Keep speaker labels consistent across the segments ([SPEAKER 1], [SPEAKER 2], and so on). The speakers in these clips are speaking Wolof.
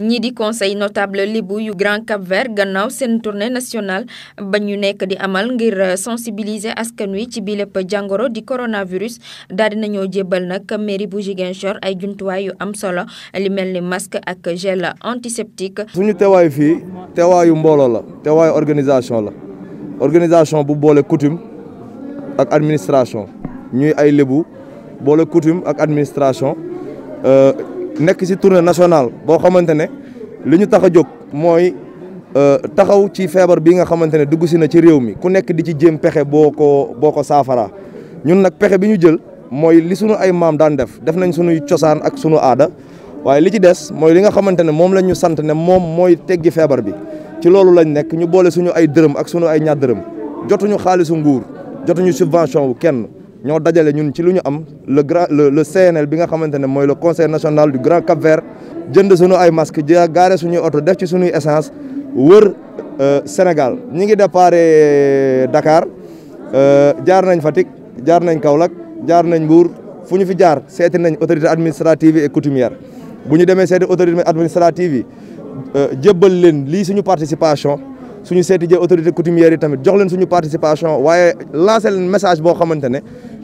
[SPEAKER 1] ñii di conseil notable libu yu Grand Cap-Vert gannaaw seen tournée nationale ba ñu nekk di amal ngir sensibiliser askan wi ci bi jangoro di coronavirus daal di nañoo jébbal nag mairie bu Ziguinchor ay jumtuwaay yu am solo li mel ni masque ak gel antiseptique. suñu
[SPEAKER 2] teewaay fii teewaayu mbooloo la teewaayu organisation la organisation bu boole coutume ak administration ñuy ay libu boole coutume ak administration. Euh, nekk si tournée nationale boo xamante ne li ñu tax a jóg mooy euh, taxaw ci feebar bi nga xamante ne dugg si na ci réew mi ku nekk di ci jéem pexe boo ko boo ko saafara ñun nag pexe bi ñu jël mooy li sunu ay maam daan def def nañ sunuy cosaan ak sunu aada waaye li ci des mooy li nga xamante ne moom lañ ñu sant ne moom mooy teggi feebar bi ci loolu lañ nekk ñu boole suñu ay dërëm ak sunu ay ñaar dërëm jotuñu xaalisu nguur jotuñu subvention wu kenn ñoo dajale ñun ci lu ñu am le grand le CNL bi nga xamante ne mooy le conseil national du Grand Cap Vert jënd suñu ay masque ja gaare suñu oto def ci suñuy essence wër euh, Sénégal ñi ngi déparé euh, Dakar euh, jaar nañ Fatick jaar nañ Kaolack jaar nañ Mbour fu ñu fi jaar seeti nañ autorité administrative e coutumière bu ñu demee seeti autorité administrative yi jébbal leen lii suñu participation suñu seeti jee autorité coutumière yi tamit jox leen suñu participation waaye lancer message boo xamante ne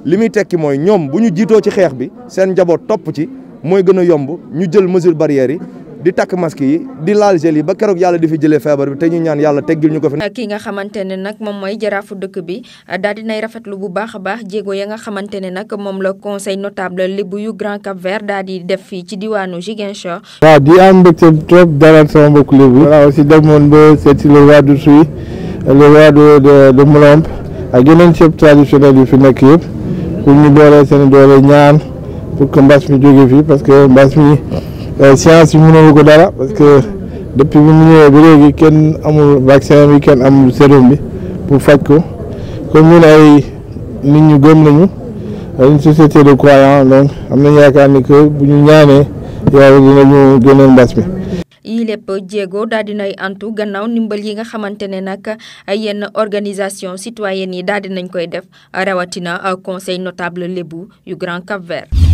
[SPEAKER 2] li muy tekki mooy ñoom bu ñu jiitoo ci xeex bi seen njaboot topp ci mooy gën a yomb ñu jël mesure barrière yi di tak masque yi di lal gel yi ba kérok yalla di fi jëlé fièvre bi té ñu ñaan yalla teggil ñuko fi.
[SPEAKER 1] ki nga xamante ne nag moom mooy jaraafu dëkk bi daal di nay rafetlu bu baax baax jéego ya nga xamante ne nag moom la conseil notable li bu yu Grand Cap Vert daal di def fi ci diwanu jigencho
[SPEAKER 3] wa di am mbégte trop dalal sama mbokku lébu. voilà aussi demoon ba seet si le roi du sui le roi de de de Mlomp ak yeneen ci traditionnel yu fi nek yëpp ku ñu doole seen doole ñaan pour que mbass mi jóge fi parce que mbass mi. Euh, science bi mënul ko dara parce que depuis bi mu ñëwee ba léegi kenn amul vaccin bi kenn amul sérum bi pour faj ko comme ñun ay nit ñu gëm nañu une société de croyants donc am nañ yaakaar ni que bu ñu ñaanee yàlla dinañu génne mbas mi.
[SPEAKER 1] yii lépp jéego daal dinay antu gannaaw ndimbal yi nga xamante ne nag yenn organisation citoyenne yi daal nañ koy def rawatina conseil notable lébu yu Grand Cap-Vert